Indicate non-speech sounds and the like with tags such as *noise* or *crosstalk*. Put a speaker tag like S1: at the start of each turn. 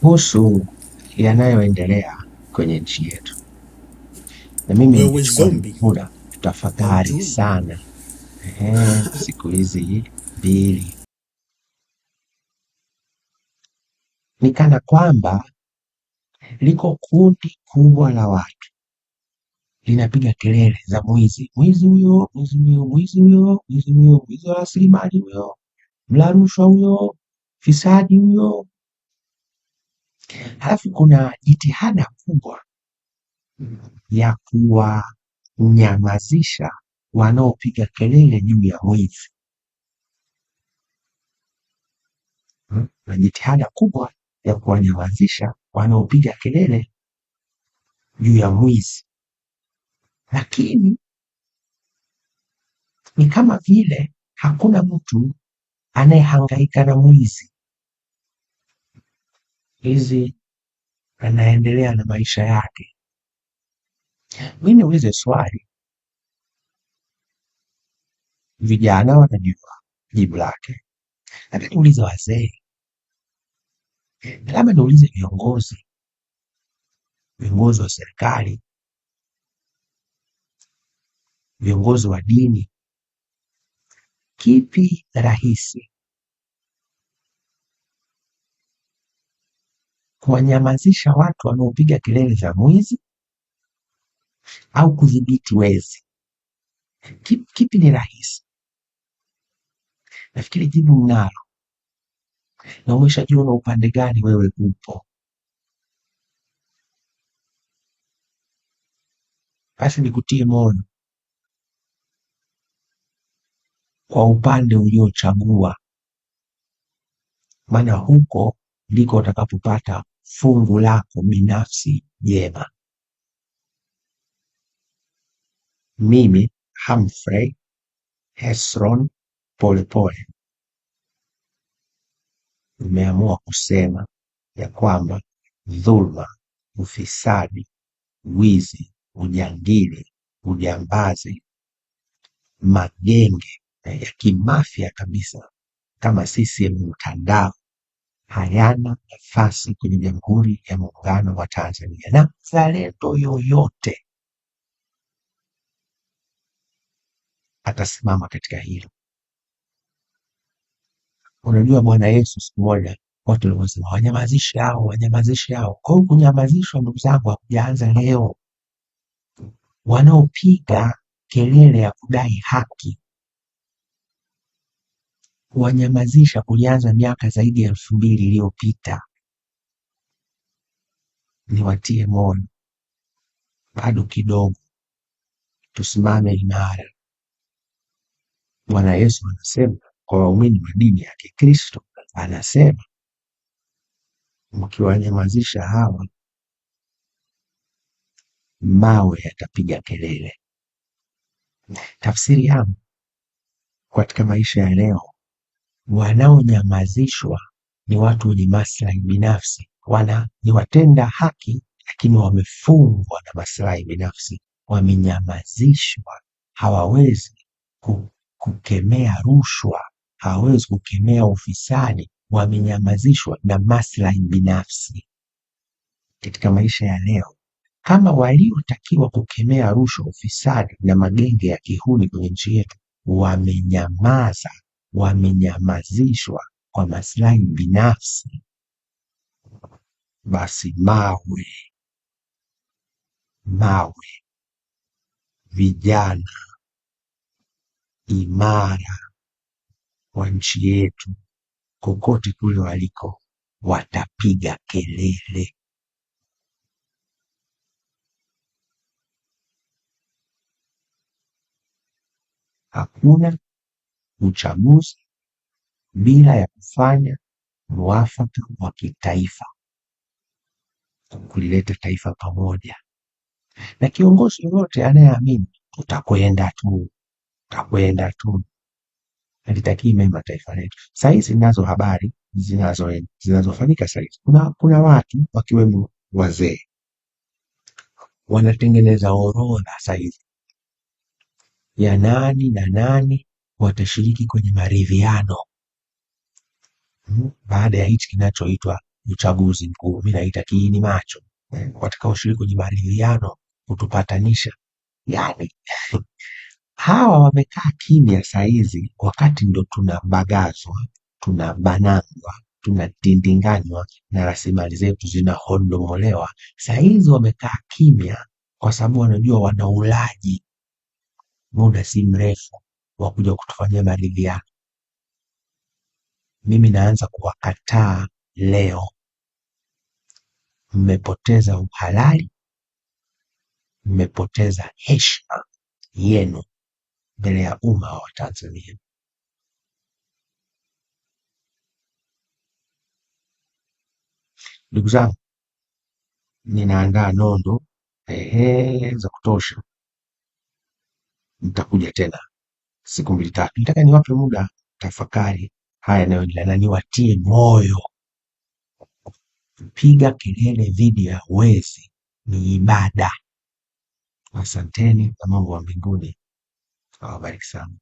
S1: kuhusu yanayoendelea kwenye nchi yetu, na mimi muda tafakari sana eh, siku hizi mbili ni kana kwamba liko kundi kubwa la watu linapiga kelele za mwizi, mwizi huyo, mwizi huyo, mwizi huyo, mwizi huyo, mwizi wa rasilimali huyo, mla rushwa huyo, fisadi huyo, Halafu kuna jitihada kubwa ya kuwanyamazisha wanaopiga kelele juu ya wizi hmm? na jitihada kubwa ya kuwanyamazisha wanaopiga kelele juu ya mwizi, lakini ni kama vile hakuna mtu anayehangaika na mwizi hizi anaendelea na maisha yake. Mi niulize swali, vijana wanajua jibu lake, lakini niulize wazee, labda niulize viongozi, viongozi wa serikali, viongozi wa dini, kipi rahisi kuwanyamazisha watu wanaopiga kelele za mwizi au kudhibiti wezi? Kipi, kipi ni rahisi? Nafikiri jibu mnalo na umeshajua na upande gani wewe upo. Basi nikutie moyo kwa upande uliochagua, maana huko ndiko utakapopata fungu lako binafsi jema. Mimi Humphrey Hesron Polepole nimeamua kusema ya kwamba dhulma, ufisadi, wizi, ujangili, ujambazi, magenge ya kimafia kabisa kama sisi mtandao hayana nafasi kwenye Jamhuri ya Muungano wa Tanzania, na mzalendo yoyote atasimama katika hilo. Unajua, Bwana Yesu siku moja watu walisema wanyamazishe hao, wanyamazishe hao. Kwa hiyo kunyamazishwa, ndugu zangu, hakujaanza leo. Wanaopiga kelele ya kudai haki kuwanyamazisha kulianza miaka zaidi ya elfu mbili iliyopita. ni watie moyo, bado kidogo, tusimame imara. Bwana Yesu anasema kwa waumini wa dini ya Kikristo, anasema mkiwanyamazisha hawa mawe yatapiga kelele. Tafsiri yangu katika maisha ya leo Wanaonyamazishwa ni watu wenye maslahi binafsi, wana ni watenda haki lakini wamefungwa na maslahi binafsi, wamenyamazishwa, hawawezi kukemea rushwa, hawawezi kukemea ufisadi, wamenyamazishwa na maslahi binafsi. Katika maisha ya leo, kama waliotakiwa kukemea rushwa, ufisadi na magenge ya kihuni kwenye nchi yetu wamenyamaza wamenyamazishwa kwa maslahi binafsi, basi mawe mawe, vijana imara wa nchi yetu, kokote kule waliko, watapiga kelele. Hakuna uchaguzi bila ya kufanya mwafaka wa kitaifa kulileta taifa pamoja. Na kiongozi yoyote anayeamini tutakwenda tu, tutakwenda tu, alitakii mema taifa letu. Sahizi ninazo habari zinazo zinazofanyika sahizi, kuna, kuna watu wakiwemo wazee wanatengeneza orodha sahizi ya nani na nani watashiriki kwenye maridhiano hmm? baada ya hichi kinachoitwa uchaguzi mkuu, mimi naita kiini macho, eh, watakaoshiriki kwenye maridhiano kutupatanisha. Yani *laughs* hawa wamekaa kimya saizi, wakati ndo tunabagazwa, tunabanangwa, tunatindinganywa na rasilimali zetu zinahondomolewa. Saizi wamekaa kimya kwa sababu wanajua wana ulaji muda si mrefu wa kuja kutufanyia maridhiano. Mimi naanza kuwakataa leo. Mmepoteza uhalali, mmepoteza heshima yenu mbele ya umma wa Tanzania. Ndugu zangu, ninaandaa nondo ehe, za kutosha. Nitakuja tena siku mbili tatu, nataka niwape muda tafakari haya yanayoendelea na niwatie moyo. piga kelele dhidi ya wezi ni ibada. Asanteni na Mungu wa mbinguni awabariki sana.